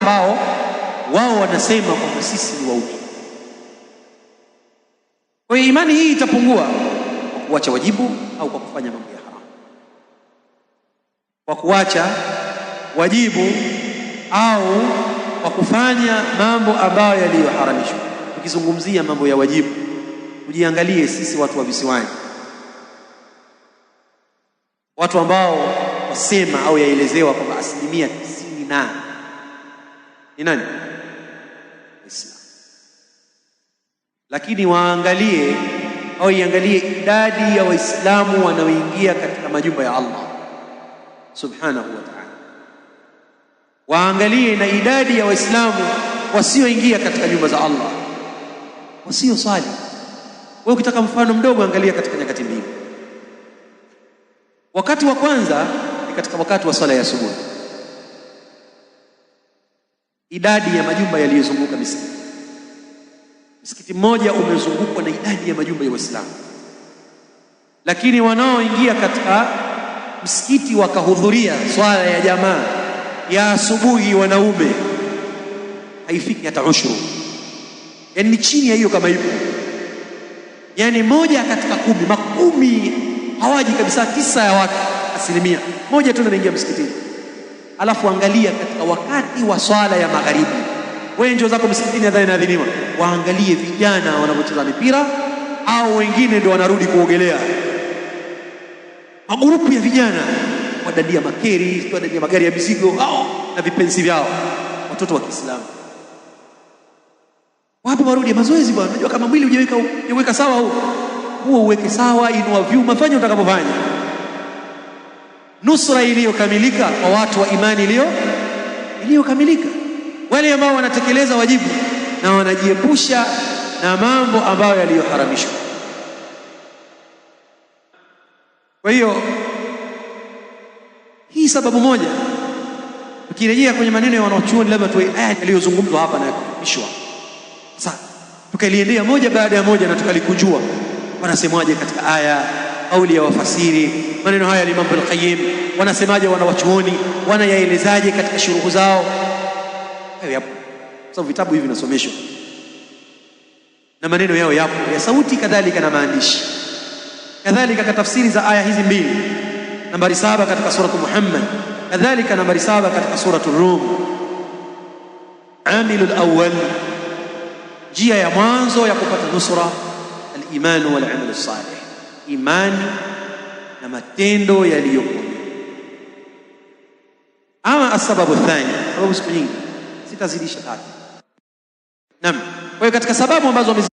ambao wao wanasema kwamba sisi ni waumini. Kwa hiyo imani hii itapungua kwa kuacha wajibu au kwa kufanya mambo ya haramu, kwa kuacha wajibu au kwa kufanya mambo ambayo yaliyoharamishwa. Tukizungumzia mambo ya wajibu, tujiangalie sisi watu wa visiwani, watu ambao wasema au yaelezewa kwamba asilimia tisini na ni nani? Islam. Lakini waangalie au iangalie idadi ya Waislamu wanaoingia katika majumba ya Allah subhanahu wa ta'ala, waangalie na idadi ya Waislamu wasioingia katika nyumba za Allah, wasio sali. Wewe ukitaka mfano mdogo, angalia katika nyakati mbili. Wakati wa kwanza ni katika wakati wa sala ya asubuhi idadi ya majumba yaliyozunguka misikiti. Msikiti mmoja umezungukwa na idadi ya majumba ya Waislamu, lakini wanaoingia katika msikiti wakahudhuria swala ya jamaa ya asubuhi, wanaume, haifiki hata ushuru, yaani ni chini ya hiyo, kama hivyo, yaani moja katika kumi, makumi hawaji kabisa, tisa ya watu, asilimia moja tu anaingia msikitini. Alafu angalia katika wakati wa swala ya magharibi, wewe njoo zako msikitini, adhani inaadhiniwa, waangalie vijana wanavyocheza mipira, au wengine ndio wanarudi kuogelea, magrupu ya vijana wadadia makeri, wadadia magari ya mizigo au na vipenzi vyao, watoto wa Kiislamu wapi warudi? Mazoezi bwana, unajua kama mwili hujaweka sawa, huo uweke sawa, inua vyuma, fanya utakapofanya nusra iliyokamilika kwa watu wa imani iliyo iliyokamilika, wale ambao wanatekeleza wajibu na wanajiepusha na mambo ambayo yaliyoharamishwa. Kwa hiyo hii sababu moja. Tukirejea kwenye maneno ya wanachuoni, labda tu aya eh, yaliyozungumzwa hapa na yakuishwa sasa, tukaliendea moja baada ya moja na tukalikujua wanasemwaje katika aya aulia wafasiri. Maneno haya ya Imam Ibn Qayyim wanasemaje? Wanawachuoni wanayaelezaje katika shuruhu zao? Hayo yapo, sababu vitabu hivi vinasomeshwa na maneno yao yapo ya sauti, kadhalika na maandishi, kadhalika tafsiri za aya hizi mbili, nambari saba katika suratu Muhammad, kadhalika nambari saba katika suratu Rum. Amilul awwal, njia ya mwanzo ya kupata nusra, al-imanu wal amalu salih imani na matendo yaliyokuwa ama asababu thani, sababu siku nyingi sitazidisha tatu. Naam, kwa hiyo katika sababu ambazo